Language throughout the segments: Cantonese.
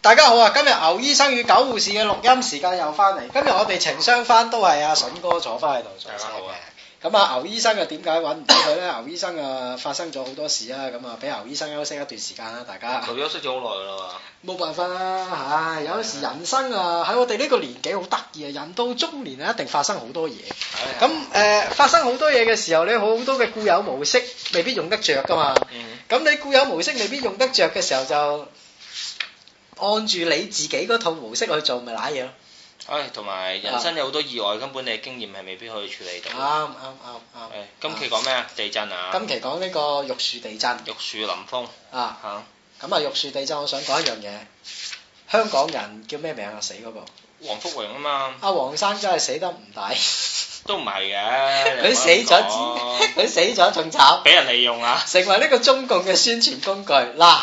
大家，啊、大家好啊！今日牛醫生與狗護士嘅錄音時間又翻嚟。今日我哋情商翻都係阿笋哥坐翻喺度坐好嘅。咁啊，牛醫生又點解搵唔到佢咧？ 牛醫生啊，發生咗好多事啊！咁、嗯、啊，俾牛醫生休息一段時間啦、啊，大家。佢休息咗好耐啦嘛。冇辦法啦、啊！唉，有時人生啊，喺、啊、我哋呢個年紀好得意啊！人到中年啊，一定發生好多嘢。咁誒、啊呃，發生好多嘢嘅時候咧，好多嘅固有模式未必用得着噶嘛。咁、嗯、你固有模式未必用得着嘅時候就。按住你自己嗰套模式去做，咪瀨嘢咯。唉，同埋人生有好多意外，根本你嘅經驗係未必可以處理到。啱啱啱。唉，今期講咩啊？地震啊！今期講呢個玉樹地震。玉樹臨風。啊。吓？咁啊玉樹地震，我想講一樣嘢。香港人叫咩名啊？死嗰個。黃福榮啊嘛。阿黃生真係死得唔抵。都唔係嘅。佢死咗，佢死咗仲慘。俾人利用啊！成為呢個中共嘅宣傳工具嗱。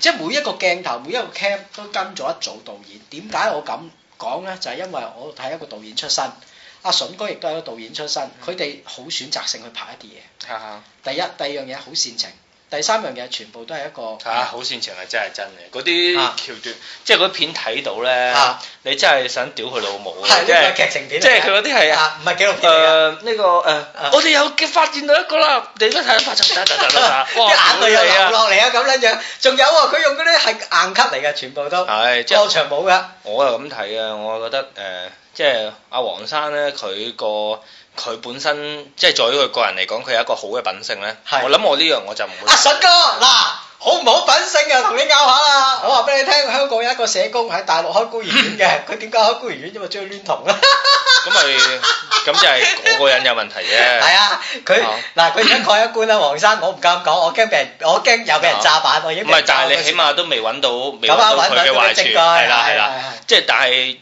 即係每一個鏡頭，每一個 cam 都跟咗一組導演。點解我咁講咧？就係、是、因為我係一個導演出身，阿笋哥亦都係一個導演出身，佢哋好選擇性去拍一啲嘢。第一、第二樣嘢好煽情。第三樣嘢全部都係一個嚇好煽情，係真係真嘅。嗰啲橋段即係嗰啲片睇到咧，你真係想屌佢老母嘅，劇情片，即係佢嗰啲係啊，唔係紀錄片嚟嘅。呢個誒，我哋有發展到一個啦，你都睇下發展得唔得啦？一眼佢又落嚟啊，咁樣樣，仲有啊，佢用嗰啲係硬骨嚟嘅，全部都，係過場舞嘅。我就咁睇嘅，我覺得誒，即係阿黃生咧，佢個。佢本身即係在於佢個人嚟講，佢有一個好嘅品性咧。我諗我呢樣我就唔會。阿順哥，嗱，好唔好品性啊？同你拗下啦。我話俾你聽，香港有一個社工喺大陸開孤兒院嘅，佢點解開孤兒院？因為鍾意戀童咧。咁咪咁就係嗰個人有問題啫。係啊，佢嗱佢想蓋一棺啦，黃生，我唔敢講，我驚俾人，我驚又俾人炸板，我已經。唔係，但係你起碼都未揾到未揾到佢嘅壞處，係啦係啦，即係但係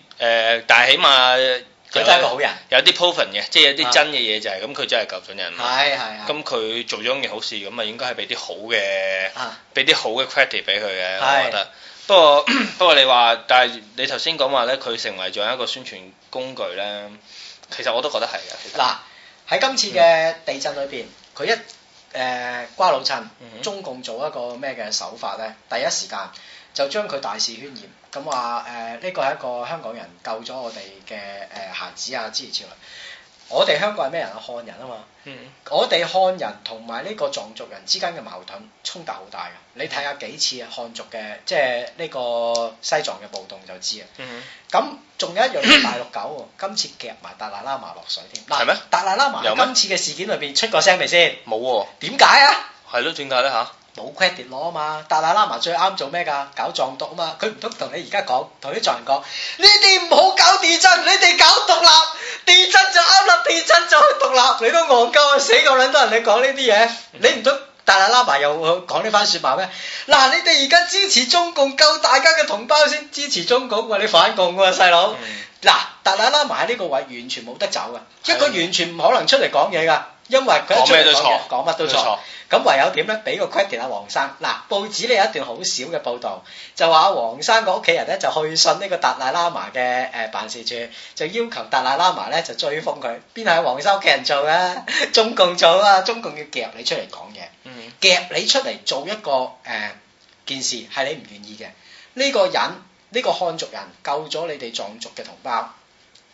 誒，但係起碼。佢真係一個好人， 有啲 proven 嘅，即係有啲真嘅嘢就係咁，佢、啊、真係救咗人。係係。咁佢、嗯、做咗一件好事，咁啊應該係俾啲好嘅，俾啲、啊、好嘅 credit 俾佢嘅，是我覺得。不過 不過你，你話，但係你頭先講話咧，佢成為咗一個宣傳工具咧，其實我都覺得係嘅。嗱喺今次嘅地震裏邊，佢、嗯、一誒瓜老襯，中共做一個咩嘅手法咧？第一時間。就將佢大肆渲染，咁話誒呢個係一個香港人救咗我哋嘅誒孩子啊，之如之類。我哋香港係咩人啊？漢人啊嘛。嗯。我哋漢人同埋呢個藏族，族人之間嘅矛盾衝突好大㗎。你睇下幾次漢族嘅即係呢個西藏嘅暴動就知啊。嗯咁、嗯、仲有一樣嘢大陸狗、哦，今次夾埋達賴喇，喇，喇嘛落水添。係咩嗎？達賴喇，喇嘛今次嘅事件裏邊出個聲未先？冇喎。點解啊？係咯、啊，點解咧嚇？ 冇 credit 攞啊嘛，達賴喇嘛最啱做咩噶？搞藏獨啊嘛，佢唔通同你而家講，同啲藏人講，你哋唔好搞地震，你哋搞獨立，地震就啱啦，地震就獨立，你都戇鳩啊！死個撚多人、嗯你喇喇，你講呢啲嘢，你唔通達賴喇嘛又講呢番説話咩？嗱，你哋而家支持中共救大家嘅同胞先，支持中共喎、啊，你反共喎、啊，細佬，嗱、嗯，達賴喇嘛喺呢個位完全冇得走啊，一個、嗯、完全唔可能出嚟講嘢噶。因為佢一出嚟講嘢，講乜都錯，咁錯唯有點咧？俾個 credit 阿黃生。嗱、呃，報紙咧有一段好少嘅報道，就話阿黃生個屋企人咧就去信呢個達賴喇嘛嘅誒、呃、辦事處，就要求達賴喇嘛咧就追封佢。邊係黃生屋企人做嘅？ 中共做啊！中共要夾你出嚟講嘢，夾你出嚟做一個誒、呃、件事係你唔願意嘅。呢、呢個人呢、呢個漢族人救咗你哋藏族嘅同胞，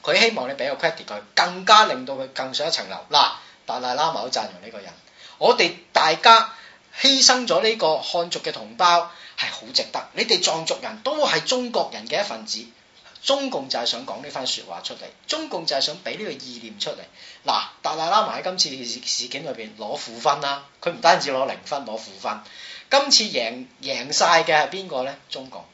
佢希望你俾個 credit 佢，更加令到佢更上一層樓。嗱。達賴喇嘛好贊揚呢個人，我哋大家犧牲咗呢個漢族嘅同胞係好值得。你哋藏族人都係中國人嘅一份子，中共就係想講呢番説話出嚟，中共就係想俾呢個意念出嚟。嗱，達賴喇嘛喺今次事件裏邊攞負分啦、啊，佢唔單止攞零分，攞負分。今次贏贏晒嘅係邊個咧？中共。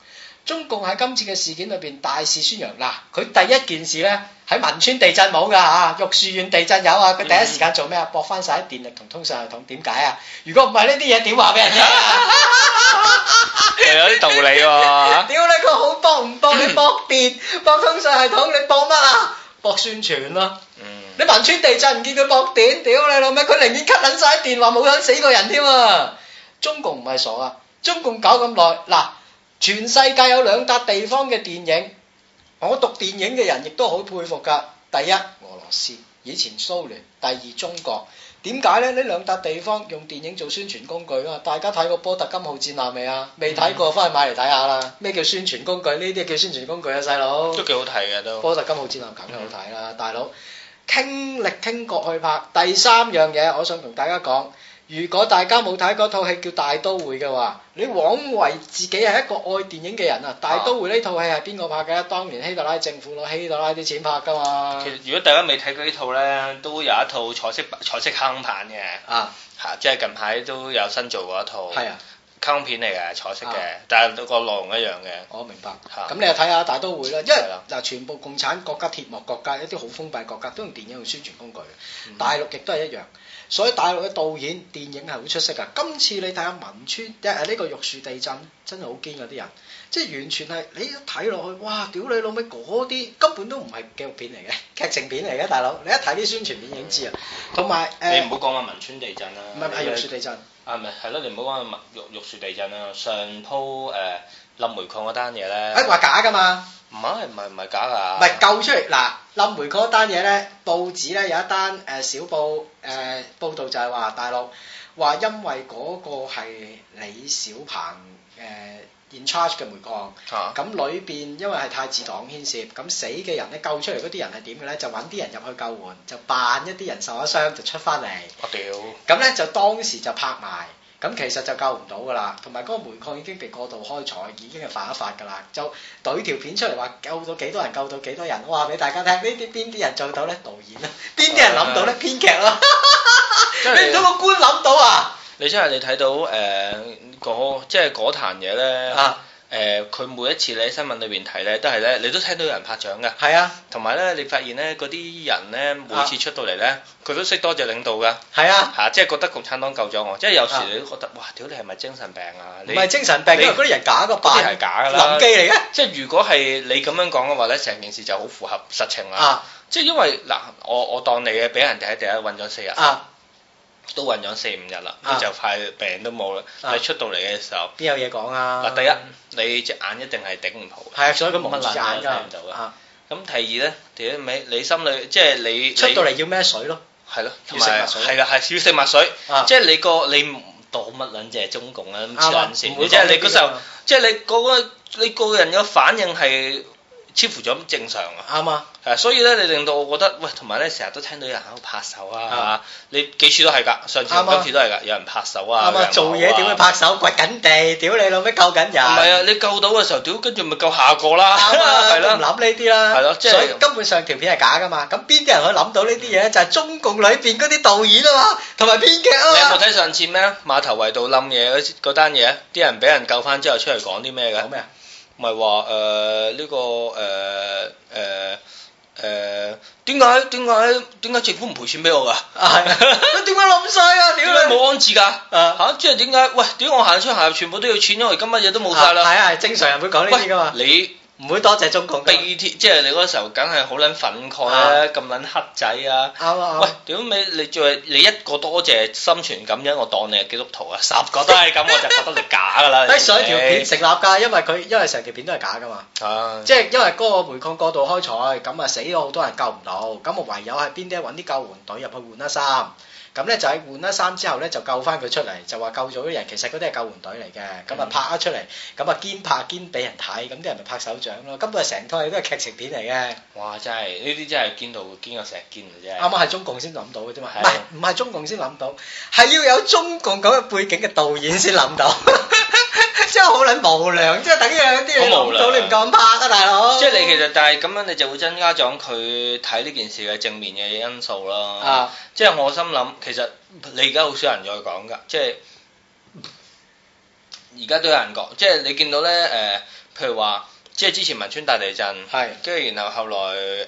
中共喺今次嘅事件裏邊大肆宣揚嗱，佢第一件事咧喺汶川地震冇噶吓，玉樹縣地震有啊，佢第一時間做咩啊？駁翻晒啲電力同通訊系統，點解啊？如果唔係呢啲嘢，點話俾人聽啊？又有啲道理喎！屌你個好駁唔駁？你駁電駁通訊系統，你駁乜啊？駁宣傳咯。嗯。你汶川地震唔見佢駁電，屌你老味！佢寧願吸引晒啲電，話冇人死過人添。啊！中共唔係傻啊！中共搞咁耐嗱。全世界有兩笪地方嘅電影，我讀電影嘅人亦都好佩服噶。第一，俄羅斯，以前蘇聯；第二，中國。點解呢？呢兩笪地方用電影做宣傳工具啊！大家睇過《波特金號戰艦》未啊？未睇過，翻去買嚟睇下啦。咩叫宣傳工具？呢啲叫宣傳工具啊，細佬。都幾好睇嘅都。波特金號戰艦梗係好睇啦，嗯、大佬傾力傾國去拍。第三樣嘢，我想同大家講。如果大家冇睇嗰套戲叫《大都會》嘅話，你枉為自己係一個愛電影嘅人啊！《大都會》呢套戲係邊個拍嘅？當年希特拉政府攞希特拉啲錢拍㗎嘛。其實如果大家未睇過套呢套咧，都有一套彩色彩色卡通嘅啊，啊，即係近排都有新做過一套卡通、啊、片嚟嘅彩色嘅，啊、但係個內容一樣嘅。我、哦、明白。咁、啊、你又睇下《大都會》啦、啊，因為嗱，全部共產國家、鐵幕國家、一啲好封閉國家都用電影去宣傳工具，嗯、哼大陸亦都係一樣。所以大陸嘅導演電影係好出色噶，今次你睇下汶川，即係呢個玉樹地震，真係好堅嗰啲人。即係完全係你一睇落去，哇！屌你老味嗰啲根本都唔係紀錄片嚟嘅，劇情片嚟嘅，大佬你一睇啲宣傳片已經知啦。同埋、呃、你唔好講話汶川地震啦，唔係玉樹地震啊，唔係係咯，你唔好講玉玉玉樹地震、呃嗯、啊。上鋪誒冧煤礦嗰單嘢咧，誒話假㗎嘛？唔係唔係唔係假㗎。唔係救出嚟嗱冧煤礦嗰單嘢咧，報紙咧有一單誒小報誒報導就係話大陸話因為嗰個係李小鵬誒。呃呃 in charge 嘅煤礦，咁裏邊因為係太子黨牽涉，咁死嘅人咧救出嚟嗰啲人係點嘅咧？就揾啲人入去救援，就扮一啲人受咗傷就出翻嚟。我屌、啊！咁咧就當時就拍埋，咁其實就救唔到噶啦。同埋嗰個煤礦已經被過度開採，已經係反一反噶啦。就攣條片出嚟話救到幾多人，救到幾多人，哇！俾大家聽，呢啲邊啲人做到咧？導演啦、啊，邊啲人諗到咧？呃、編劇啦、啊是，你唔通個官諗到啊？你真係你睇到誒。呃呃呃呃即係嗰壇嘢咧，誒佢 Yeah.、呃、每一次你喺新聞裏邊提咧，都係咧你都聽到有人拍掌嘅，係啊 Yeah.，同埋咧你發現咧嗰啲人咧每次出到嚟咧，佢 Yeah. 都識多謝領導嘅，係 Yeah. 啊，嚇即係覺得共產黨救咗我，即係有時你都覺得 Yeah. 哇，屌你係咪精神病啊？唔係精神病，你嗰啲人假個扮，假㗎啦，諗計嚟嘅。即係如果係你咁樣講嘅話咧，成件事就好符合實情、啊、Yeah. 啦。即係因為嗱，我我當你嘅俾人哋喺地下韞咗四日。Yeah. 啊都困咗四五日啦，跟住就快病都冇啦。你出到嚟嘅時候，邊有嘢講啊？嗱，第一你隻眼一定係頂唔到，係啊，所以佢冇乜眼膠就㗎。咁第二咧，第二咪你心裏即係你出到嚟要咩水咯？係咯，要食物水，係啦，係要食物水。即係你個你躲乜卵子係中共啊？黐卵線！即係你嗰時候，即係你嗰個你個人嘅反應係。似乎咗正常啊！啱啊，係所以咧，你令到我覺得喂，同埋咧，成日都聽到有人喺度拍手啊，係嘛？你幾次都係㗎，上次、今次都係㗎，有人拍手啊，做嘢點會拍手？掘緊地，屌你老味救緊人！唔係啊，你救到嘅時候，屌跟住咪救下個啦，係啦，唔諗呢啲啦。係咯，即係根本上條片係假㗎嘛？咁邊啲人可以諗到呢啲嘢咧？就係中共裏邊嗰啲導演啊嘛，同埋編劇啊嘛。你有冇睇上次咩啊？碼頭圍度冧嘢嗰單嘢，啲人俾人救翻之後出嚟講啲咩㗎？咩啊？唔係話，誒呢個誒誒誒點解點解點解政府唔賠錢俾我噶？點解咁衰噶？點解冇安置噶？吓、啊，即係點解？喂，點解我行出行全部都要錢，因為今日嘢都冇晒啦。係係、啊啊啊，正常人會講呢啲噶嘛？你。唔會多謝中國嘅，地鐵即係你嗰時候，梗係好撚憤慨啦，咁撚黑仔啊！喂，屌你、啊，你最你一個多謝心存感恩，我當你係基督徒啊！十個都係咁， 我就覺得你假噶啦！喺上一條片成立㗎，因為佢因為成條片都係假噶嘛，啊、即係因為嗰個煤礦過度開採，咁啊死咗好多人救唔到，咁啊唯有係邊啲揾啲救援隊入去換一衫。咁咧就係換咗衫之後咧就救翻佢出嚟，就話救咗啲人，其實嗰啲係救援隊嚟嘅，咁啊拍咗出嚟，咁啊、嗯、堅拍堅俾人睇，咁啲人咪拍手掌咯，根本係成套嘢都係劇情片嚟嘅。哇！真係呢啲真係堅到堅過成日堅嘅啫。啱啱係中共先諗到嘅啫嘛，唔係唔係中共先諗到，係要有中共咁嘅背景嘅導演先諗到， 真係好撚無良， 即係等於啲嘢做到你唔敢拍啊，大佬。即係你其實，但係咁樣你就會增加咗佢睇呢件事嘅正面嘅因素啦。啊啊、即係我心諗。其實你而家好少人再講㗎，即係而家都有人講，即係你見到咧誒、呃，譬如話，即係之前汶川大地震，係跟住然後後來誒，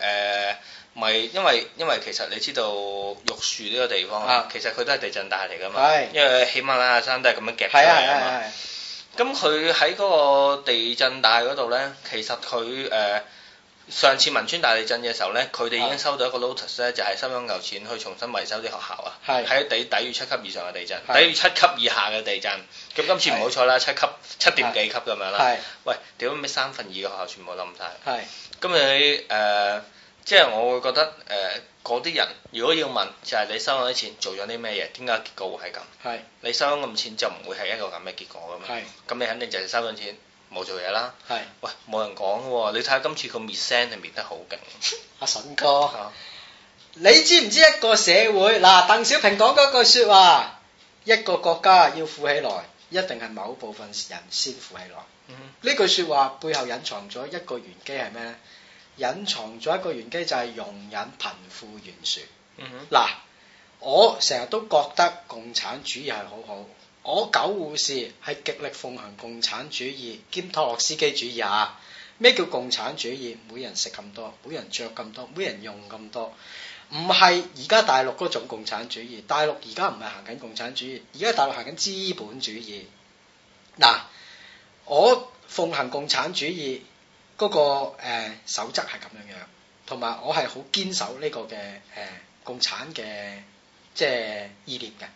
咪、呃、因為因為其實你知道玉樹呢個地方啊，其實佢都係地震帶嚟㗎嘛，因為起碼咧山都係咁樣夾住㗎嘛。咁佢喺嗰個地震帶嗰度咧，其實佢誒。上次汶川大地震嘅時候呢，佢哋已經收到一個 lotus 呢就係收咗牛錢去重新維修啲學校啊，係是抵底於七級以上嘅地震，底於是七級以下嘅地震。咁今是次唔好彩啦，七級七點幾級咁是樣啦。是喂，屌咩三分二嘅學校全部冧晒。係是，咁你誒、呃，即係我會覺得誒，嗰、呃、啲人如果要問，就係、是、你收咗啲錢做咗啲咩嘢？點解結果會係咁？係是，你收咗咁錢就唔會係一個咁嘅結果咁樣。咁是你肯定就係收咗錢。冇做嘢啦，係是喂，冇人講喎。你睇下今次個滅聲係滅得好勁，阿、 啊、順哥、啊、你知唔知一個社會嗱？鄧小平講嗰句説話，一個國家要富起來，一定係某部分人先富起來。呢、嗯、哼句説話背後隱藏咗一個玄機係咩咧？隱藏咗一個玄機就係容忍貧富懸殊。嗱、嗯哼，我成日都覺得共產主義係好好。我狗護士係極力奉行共產主義兼托洛斯基主義啊！咩叫共產主義？每人食咁多，每人着咁多，每人用咁多，唔係而家大陸嗰種共產主義。大陸而家唔係行緊共產主義，而家大陸行緊資本主義。嗱，我奉行共產主義嗰、嗰個誒、呃、守則係咁樣樣，同埋我係好堅守呢個嘅誒、呃、共產嘅即係意念嘅，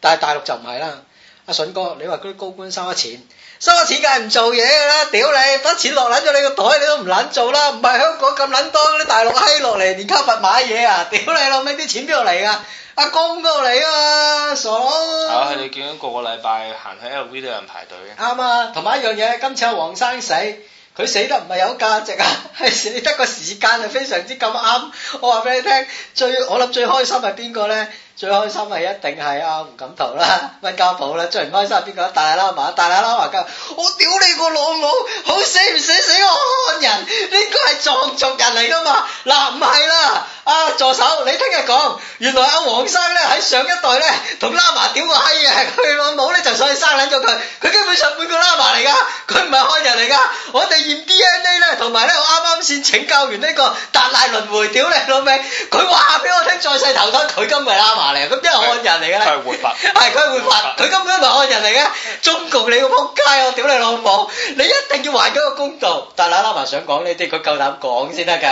但係大陸就唔係啦。阿舜哥，你話嗰啲高官收咗錢，收咗錢梗係唔做嘢噶啦！屌你，筆錢落捻咗你個袋，你都唔捻做啦！唔係香港咁捻多啲大陸閪落嚟，連卡佛買嘢啊！屌你老咩啲錢邊度嚟噶？阿公嗰度嚟啊嘛，傻！係啊，你見唔見個個禮拜行喺 LV 都有人排隊嘅？啱啊，同埋一樣嘢，今次阿黃生死，佢死得唔係有價值啊，係死得個時間係非常之咁啱。我話俾你聽，最我諗最開心係邊個咧？最開心係一定係阿胡錦濤啦，溫家寶啦，最唔開心係邊個？達賴喇嘛，達賴喇嘛嘅，我屌你個老母，好死唔死死我漢人，呢、呢個係藏族人嚟㗎嘛？嗱唔係啦，啊，啊助手，你聽日講，原來阿、啊、黃生咧喺上一代咧同喇嘛屌個閪啊，佢老母咧就上去生捻咗佢，佢基本上每個喇嘛嚟㗎，佢唔係漢人嚟㗎，我哋驗 DNA 咧，同埋咧我啱啱先請教完呢個達賴輪迴屌你老味，佢話俾我聽，再世投胎佢今日喇嘛。咁即係漢人嚟嘅咧，係活佛！係佢係活佛！佢根本唔係漢人嚟嘅， 中共你個扑街，我屌你老母，你一定要還咗個公道。但大喇喇嘛想講呢啲，佢夠膽講先得噶。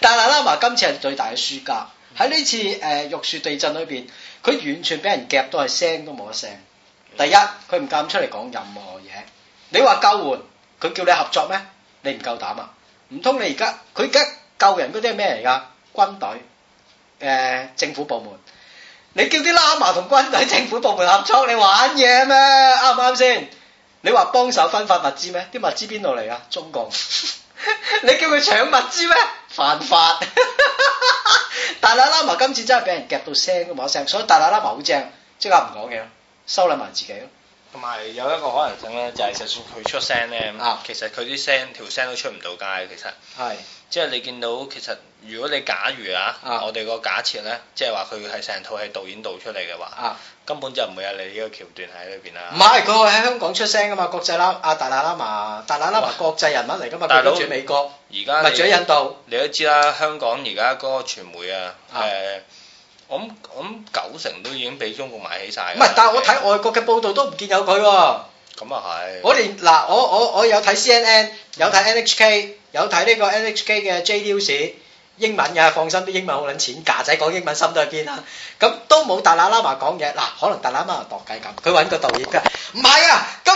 大 喇喇嘛今次係最大嘅輸家，喺呢次誒、呃、玉樹地震裏邊，佢完全俾人夾到，係聲都冇得聲。第一，佢唔敢出嚟講任何嘢。你話救援，佢叫你合作咩？你唔夠膽啊！唔通你而家佢而家救人嗰啲係咩嚟噶？軍隊、誒、呃、政府部門。你叫啲喇嘛同軍隊、政府部門合作，你對對，你玩嘢咩？啱唔啱先？你話幫手分發物資咩？啲物資邊度嚟啊？中共！ 你叫佢搶物資咩？犯法。 達賴喇嘛今次真係俾人夾到聲都冇聲，所以達賴喇嘛好正，即刻唔講嘢咯，收斂埋自己咯。同埋有一個可能性咧，就係就算佢出聲咧，其實佢啲聲條聲都出唔到街。其實係，是即係你見到其實，如果你假如啊，啊我哋個假設咧，即係話佢係成套喺導演度出嚟嘅話，啊、根本就唔會有你呢個橋段喺裏邊啊。唔係，佢係喺香港出聲噶嘛，國際啦，阿達賴喇嘛，達賴喇嘛，國際人物嚟噶嘛，大佬，住美國，而家咪住喺印度。你都知啦，香港而家嗰個傳媒啊，係、嗯。我諗九成都已經俾中國買起晒，唔係，但係我睇外國嘅報道都唔見有佢喎、啊。咁啊係。我連嗱，我我我有睇 C N N，有睇 N H K，、嗯、有睇呢個 N H K 嘅 J d e s 英文嘅、啊、放心，啲英文好撚淺，架仔講英文心都係堅啦。咁、嗯、都冇達賴喇嘛講嘢，嗱、啊，可能達賴喇嘛度計咁，佢、啊、揾個導演㗎，唔係啊！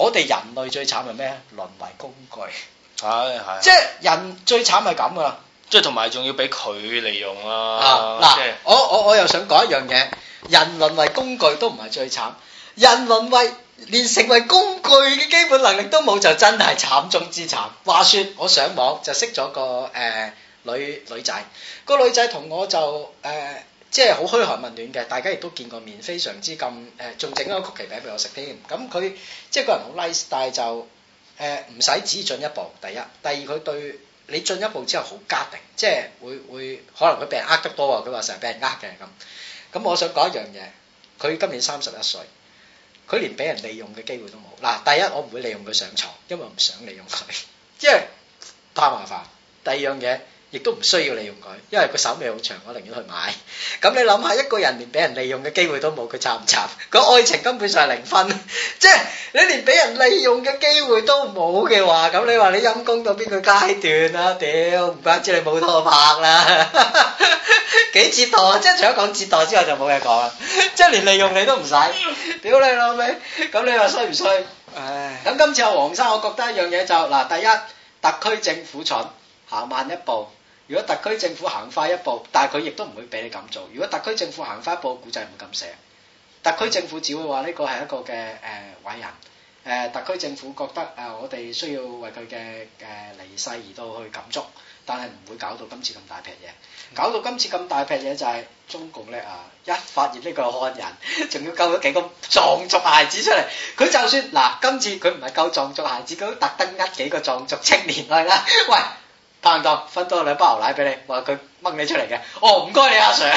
我哋人類最慘係咩？淪為工具，係，係，即係人最慘係咁噶啦。即係同埋仲要俾佢利用啦、啊。嗱、啊是，我我我又想講一樣嘢，人淪為工具都唔係最慘，人淪為連成為工具嘅基本能力都冇，就真係慘中之慘。話說我上網就識咗個誒、呃、女女仔，個女仔同我就誒。呃即係好噓寒問暖嘅，大家亦都見過面，非常之咁誒，仲整個曲奇餅俾我食添。咁、嗯、佢即係個人好 nice，但係就誒唔使只進一步。第一，第二佢對你進一步之後好加定，即係會會可能佢俾人呃得多啊！佢話成日俾人呃嘅咁。咁、嗯、我想講一樣嘢，佢今年三十一歲，佢連俾人利用嘅機會都冇。嗱，第一我唔會利用佢上床，因為我唔想利用佢，即係太麻煩。第二樣嘢。亦都唔需要利用佢，因為佢手尾好長，我寧願去買。咁你諗下，一個人連俾人利用嘅機會都冇，佢插唔插？個愛情根本上係零分，即係你連俾人利用嘅機會都冇嘅話，咁你話你陰功到邊個階段啊？屌，唔怪之你冇拖拍啦，幾折墮？即係除咗講折墮之外，就冇嘢講啦。即係連利用你都唔使，屌你老味，咁你話衰唔衰？唉，咁今次阿黃生，我覺得一樣嘢就嗱，第一特區政府蠢，行慢一步。如果特區政府行快一步，但係佢亦都唔會俾你咁做。如果特區政府行快一步，估計唔會咁寫。特區政府只會話呢個係一個嘅誒、呃、偉人。誒、呃，特區政府覺得啊、呃，我哋需要為佢嘅誒離世而到去感觸，但係唔會搞到今次咁大劈嘢。搞到今次咁大劈嘢就係、是、中共咧啊！一發現呢個漢人，仲要救咗幾個藏族孩子出嚟。佢就算嗱，今次佢唔係救藏族孩子，佢都特登呃幾個藏族青年去啦。喂！拍唔到，分多兩包牛奶俾你，話佢掹你出嚟嘅。哦，唔該你阿 Sir，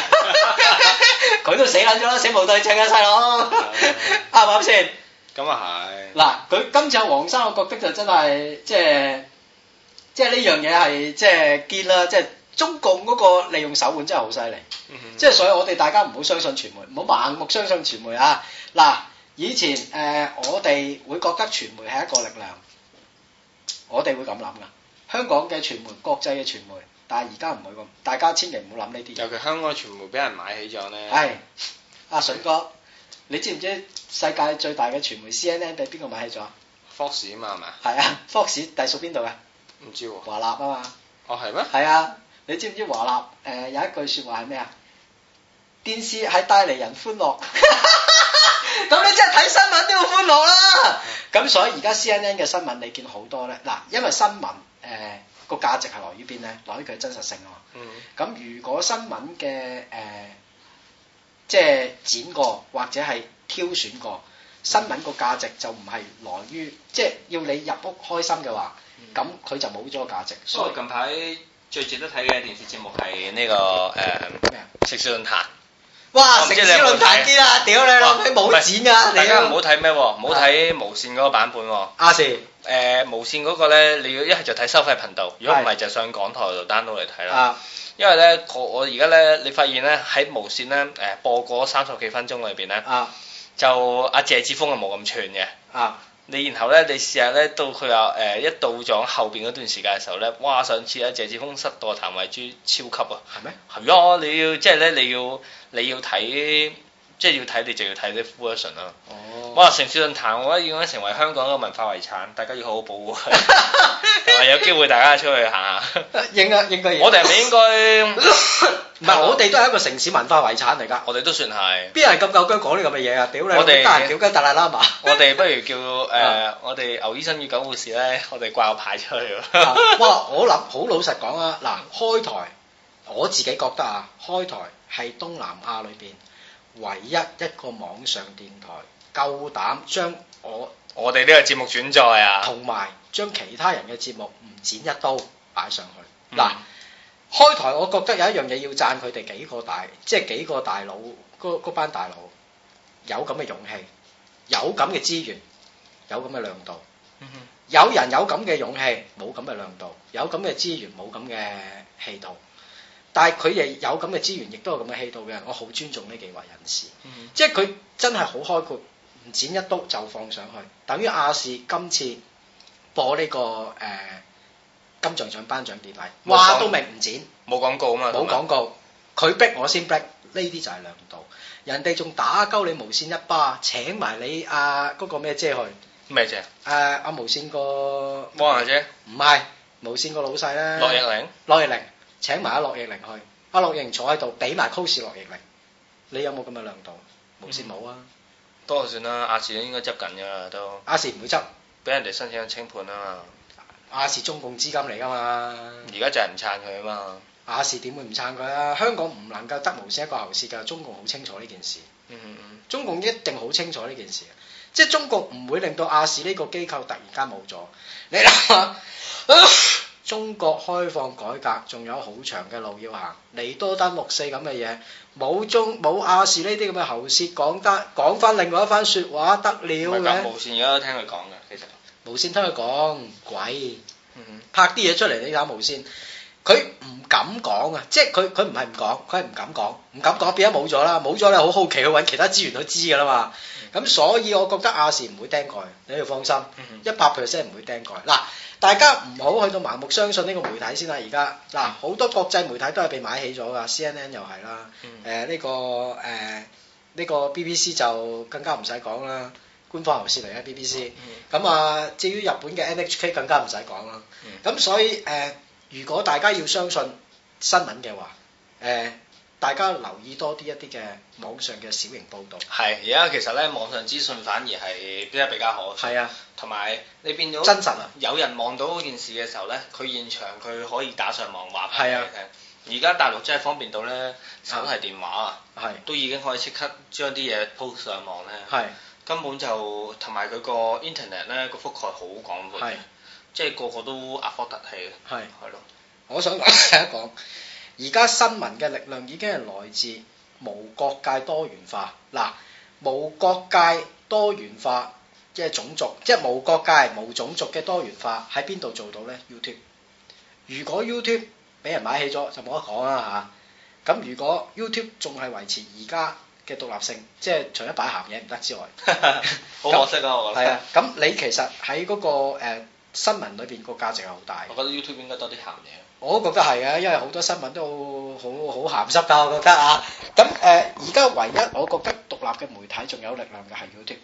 佢 都死捻咗，啦，死無對證嘅細佬，啱唔啱先？咁啊係。嗱，佢今次阿黃生，我覺得就真係，即係，即係呢樣嘢係即係見啦，即係中共嗰個利用手腕真係好犀利。 即係所以我哋大家唔好相信傳媒，唔好盲目相信傳媒啊！嗱，以前誒、呃，我哋會覺得傳媒係一個力量，我哋會咁諗噶。香港嘅傳媒，國際嘅傳媒，但係而家唔會咁，大家千祈唔好諗呢啲嘢。尤其香港傳媒俾人買起咗咧。係，阿、啊、水哥，你知唔知世界最大嘅傳媒 CNN 俾邊個買起咗啊？Fox 啊嘛，係咪啊？係啊，Fox 隸屬邊度啊？唔知喎。華納啊嘛。哦，係咩？係啊，你知唔知華納誒有一句說話係咩啊？電視係帶嚟人歡樂，咁 你真係睇新聞都要歡樂啦。咁所以而家 CNN 嘅新聞你見好多咧，嗱，因為新聞。誒個、呃、價值係來於邊咧？來於佢嘅真實性啊嘛。咁、嗯、如果新聞嘅誒、呃、即係剪過或者係挑選過，新聞個價值就唔係來於即係要你入屋開心嘅話，咁佢、嗯、就冇咗個價值。所以最近排最值得睇嘅電視節目係呢、這個誒咩啊？呃、麼食笑論壇。哇！城市論壇啲屌你冇剪噶，大家唔好睇咩？唔好睇無線嗰個版本。亞視，啊、誒、呃、無線嗰個咧，你要一係就睇收費頻道，如果唔係就上港台度 download 嚟睇啦。啊、因為呢，我而家呢，你發現呢，喺無線呢，誒播嗰三十幾分鐘裏邊呢，啊、就阿、啊、謝志峰啊冇咁串嘅。你然後呢，你試下呢，到佢話誒一到咗後邊嗰段時間嘅時候呢，哇！上次阿、啊、謝志峰失舵，譚慧珠超級啊。係咩嗎？係咯，你要即係呢，你要。你要睇，即係要睇，你就要睇啲 fashion 啦。哦！哇！城市論壇，我覺得應該成為香港嘅文化遺產，大家要好好保護。係咪有機會大家出去行下？應啊，應該。我哋係咪應該，唔係我哋都係一個城市文化遺產嚟㗎，我哋都算係。邊人咁夠姜講呢咁嘅嘢啊？屌你！我哋加人叫雞大喇喇嘛。我哋不如叫誒，我哋牛醫生與狗護士咧，我哋掛個牌出去。哇！我諗好老實講啊，嗱，開台我自己覺得啊，開台。係東南亞裏邊唯一一個網上電台，夠膽將我我哋呢個節目轉載啊，同埋將其他人嘅節目唔剪一刀擺上去。嗱，嗯、開台，我覺得有一樣嘢要讚佢哋幾個大，即係幾個大佬，嗰班大佬有咁嘅勇氣，有咁嘅資源，有咁嘅亮、嗯、哼，亮度。有人有咁嘅勇氣，冇咁嘅亮度，有咁嘅資源，冇咁嘅氣度。但係佢亦有咁嘅資源，亦都有咁嘅氣度嘅，我好尊重呢幾位人士。嗯、即係佢真係好開闊，唔剪一刀就放上去，等於亞視今次播呢、這個誒、呃、金像獎頒獎典禮，哇，都明唔剪，冇廣告啊嘛，冇廣告，佢逼有我先逼，呢啲就係量度。人哋仲打鳩你無線一巴，請埋你啊嗰、那個咩姐去咩姐？誒阿、啊、無線個汪姐？唔係無線個、啊、老細啦。樂易玲。樂易玲。請埋阿洛奕玲去，阿洛奕玲坐喺度俾埋 cos 洛奕玲，你有冇咁嘅亮度？嗯、無線冇啊，多數算啦，亞視咧應該執緊㗎喇都。亞視唔會執，俾人哋申請清盤啊嘛。亞視中共資金嚟噶嘛，而家就係唔撐佢啊嘛。亞視點會唔撐佢啊？香港唔能夠得無線一個喉舌㗎，中共好清楚呢件事。嗯嗯嗯，嗯中共一定好清楚呢件事，即係中國唔會令到亞視呢個機構突然間冇咗。你諗下。 中國開放改革仲有好長嘅路要行，嚟多，多單六四咁嘅嘢，冇中冇亞視呢啲咁嘅喉舌，講得講翻另外一番説話得了嘅。無線而家都聽佢講㗎，其實無線聽佢講，嗯、鬼，嗯、拍啲嘢出嚟你睇下無線，佢唔敢講啊！即係佢佢唔係唔講，佢係唔敢講，唔敢講變咗冇咗啦，冇咗你好好奇去揾其他資源都知噶啦嘛。咁、嗯、所以我覺得亞視唔會釘蓋，你要放心，一百 percent 唔會釘蓋嗱。大家唔好去到盲目相信呢個媒體先啦、啊，而家嗱好多國際媒體都係被買起咗㗎，C N N 又係啦，誒呢、嗯呃這個誒呢、呃這個 B B C 就更加唔使講啦，官方喉舌嚟嘅 B B C，咁啊至於日本嘅 N H K 更加唔使講啦，咁、嗯、所以誒、呃、如果大家要相信新聞嘅話，誒、呃、大家留意多啲一啲嘅網上嘅小型報道，係而家其實咧網上資訊反而係比較比較好。係啊。同埋你變咗真實有人望到件事嘅時候咧，佢神、啊、現場佢可以打上網話俾你聽。而家是、啊、大陸真係方便到咧，手提電話是、啊、都已經可以即刻將啲嘢 post 上網咧，是啊、根本就同埋佢個 internet 咧個覆蓋好廣闊，是啊、即係個個都 afford 得起嘅。係係咯，我想講一講，而家 新聞嘅力量已經係來自無國界多元化。嗱，無國界多元化。即係種族，即係無國界、無種族嘅多元化，喺邊度做到咧？YouTube，如果 YouTube 俾人買起咗，就冇得講啦吓。咁、啊、如果 YouTube 仲係維持而家嘅獨立性，即係除咗擺咸嘢唔得之外， 好可惜啊！ 那我覺得係啊，咁你其實喺嗰、嗰個誒、呃、新聞裏邊個價值係好大。我覺得 YouTube 應該多啲咸嘢。我都覺得係啊，因為好多新聞都好好咸濕噶，我覺得啊。咁 誒，而、呃、家唯一我覺得獨立嘅媒體仲有力量嘅係 YouTube。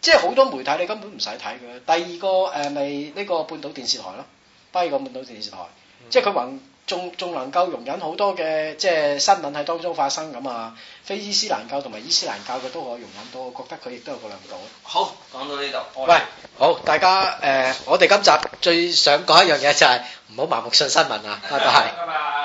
即係好多媒體你根本唔使睇嘅。第二個誒咪呢個半島電視台咯，第二個半島電視台，視台嗯、即係佢還仲仲能夠容忍好多嘅即係新聞喺當中發生咁啊，非伊斯蘭教同埋伊斯蘭教嘅都可以容忍到，我覺得佢亦都有個量度。好，講到呢度。喂，好，大家誒，呃、我哋今集最想講一樣嘢就係唔好盲目信新聞啊，拜拜。 拜拜。